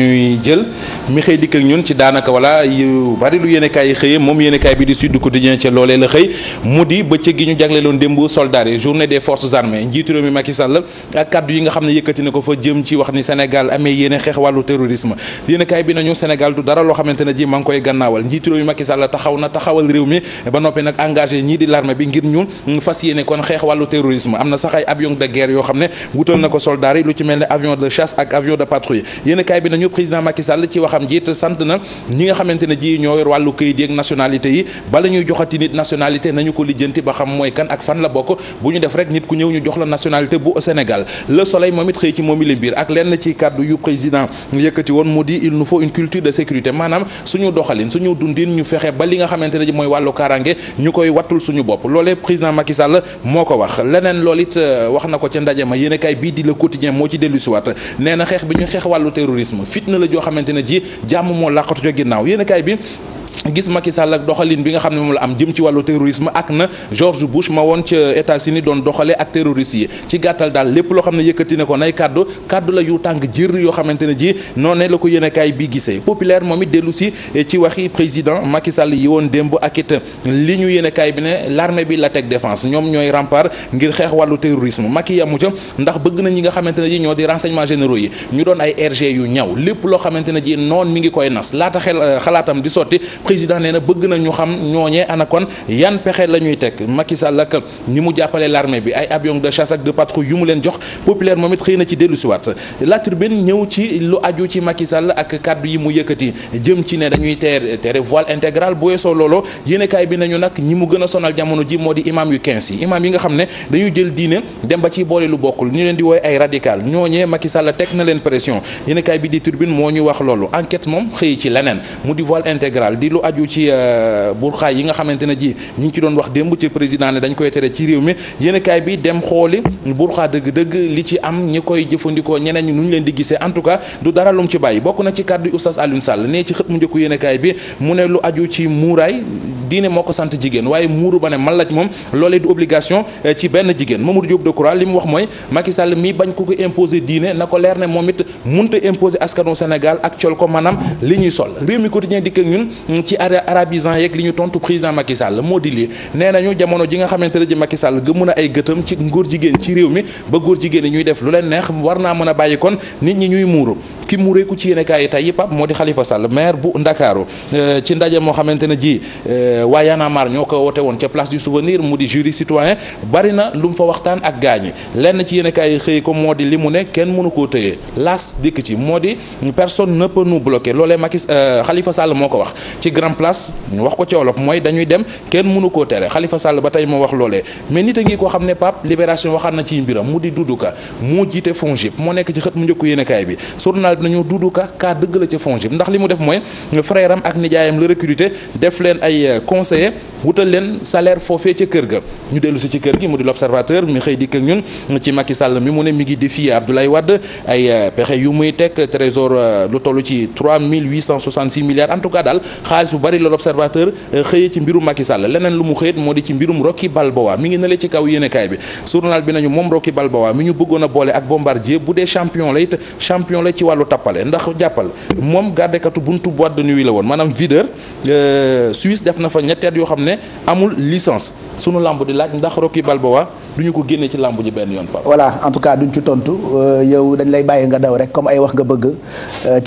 ñuy jël mi xëy dikk ak ñun ci daanaka voilà yu bari lu yéenekaay yi xëyee moom yéenekaay bi di Sud Quotidien ca loolee la xëy mu di bëccëg gi ñu jagleeloon démb soldats yi journée des forces armées njiitu réew mi Macky ak kaddu yi nga xam ne yëkkati na ko fa jëm ci wax ni Sénégal amee yéene xeex wàllu terrorisme yéenekaay bi nañu Sénégal du dara loo xamante ne ji ma ngi koy gannaawal njiitu réew mi Macky Sall taxaw na taxawal réew mi ba noppi nag engagé ñii di l'armée bi ngir ñu fas yéene xam ji te sant na ñi nga xamante ne ji ñoo yor wàllu këyit yeeg nationalité yi bala ñuy joxati nit nationalité nañu ko lijjanti ba xam mooy kan ak fan la bokk bu ñu def rek nit ku ñëw ñu jox la nationalité bu Sénégal le soleil moom it xëy ci moom i mbir ak lenn ci kàddu yu président yëkkati woon mu di il nous faut une culture de sécurité maanaam suñu doxalin suñu dundin ñu fexe ba li nga xamante ne ji mooy wàllu kaaraange ñu koy wattul suñu bopp loolee président moo ko wax leneen loolu it euh, wax na ko ca ndaje ma yéen a kaay bii di le quotidien moo ci dellusiwaat nee na xeex bi ñu xeex wàllu terrorisme jàmm moo làqatu ca ginnaaw yéen kaay bi gis Macky Sall ak doxalin bi nga xam ne moom la am jëm ci wàllu terrorisme ak na George Bush ma woon ca États-Unis doon doxale ak terroristes yi ci gàttal daal lépp loo xam ne yëkkati na ko nay kaddu kaddu la yu tàng jër yoo xamante ji noonu la ko yéenekaay bi gisee populaire moom it dellu si eh, ci na ñi nga xamante ne di renseignements généraux yi ñu ngi koy nas laata xel eh, xalaatam di sotti président nee na bëgg na ñu xam ñooñee ana yan pexe la ñuy teg ak ñi mu jàppale l'armée bi ay avion de chasse ak de patrouille yu mu leen jox populaire moom it xëy na ci dellu siwaat la tribune ñëw ci lu aju ci Macky Sall ak kaddu yi mu yëkkati jëm ci ne dañuy teer tere voile intégral bu weesoo looloo yéenekaay bi nañu nag ñi mu gën a sonal jamono ji moo di imam yu 15 yi imam yi nga xam ne dañuy jël diine dem ba ci boole lu bokkul ñu leen di wooye ay radical ñooñee Macky Sall teg na leen pression yéenekaay bi di tribune moo ñu wax loolu enquête moom xëy lu aju ci euh, burxaay yi nga xamante ne ji ñi ngi ci doon wax démb ci président ne dañ koy tere ci réew mi yéen bi dem xooli burxaa dëgg-dëgg li ci am ñi koy jëfandikoo ñeneen ñu nu ñu leen di gisee en tout cas du dara lum ci bàyyi bokk na ci kàddu Oustaz Alioune Sall nee ci xët mu njëkku yéen kaay bi mu ne lu aju ci muuraay diine moo ko sant jigéen waaye muuru ba ne man laaj moom loolee du obligation eh, ci benn jigéen Mamadou Diop Decroix li mu wax mooy Macky Sall mii bañ ko ko imposer diine na ko leer ne moom it munta imposer askanu Sénégal ak col ko maanaam li ñuy sol réew mi quotidien dikk ak ñun ci arabisant yeeg li ñu tontu président Macky Sall moo di lii nee nañu jamono ji nga xamante ne ji Macky Sall gëmu na ay gëtam ci nguur jigéen ci réew mi ba góor jigéen ñuy def lu leen neex war naa mën a bàyyi kon nit ñi ñuy muuru ki mu réeku ci yéen yi tey yëpp moo di Khalifa Sall maire bu Ndakaaru euh, ci ndaje moo xamante ne ji euh, waa Y'en a marre ñoo ko woote woon ca place du souvenir mu di jury citoyen bari na lu mu fa waxtaan ak gaañi lenn ci yéen yi xëy ko moo di li mu ne kenn mënu koo tëye las dikk ci moo di personne ne nu nous loole loolee Macky euh, Khalifa Sall moo ko wax ci grand place ñu wax ko ci olof mooy dañuy dem kenn mënu koo tere xalifa Sall ba tey moo wax loole mais ni a ngi koo xam ne Pape Libération waxaat na ci mbiram mu di Doudou Ka moo jiite moo nekk ci xët mu bi jàpp nañu Doudou Ka kaa dëgg la ca FONGIP ndax li mu def mooy frère ak nijaayam la recruter def leen ay euh, conseiller wutal leen salaire foofee ca kër ga ñu dellu ci kër gi mu di l'observateur mi xëy dikk ak ñun ci Macky Sall mi mu ne mi ngi défier Abdoulaye Wade ay euh, pexe yu muy teg trésor euh, lu toll ci milliards en tout cas daal xaalis bu bari la l'observateur xëyee ci mbirum Macky Sall leneen lu mu xëyit moo di ci mbirum Rocky Balboa mi ngi nale ci tappale ndax jàppal moom gardekatu buntu boîte de nuit la woon maanaam videur euh, Suisse def na fa ñetteet yoo xam ne amul licence sunu lamb di laaj ndax Rocky Balboa du ñu ko génnee ci lamb ji benn yoon par voilà en tout cas duñ ci tontu euh, yow dañ lay bàyyi nga daw rek comme ay wax nga bëgg euh,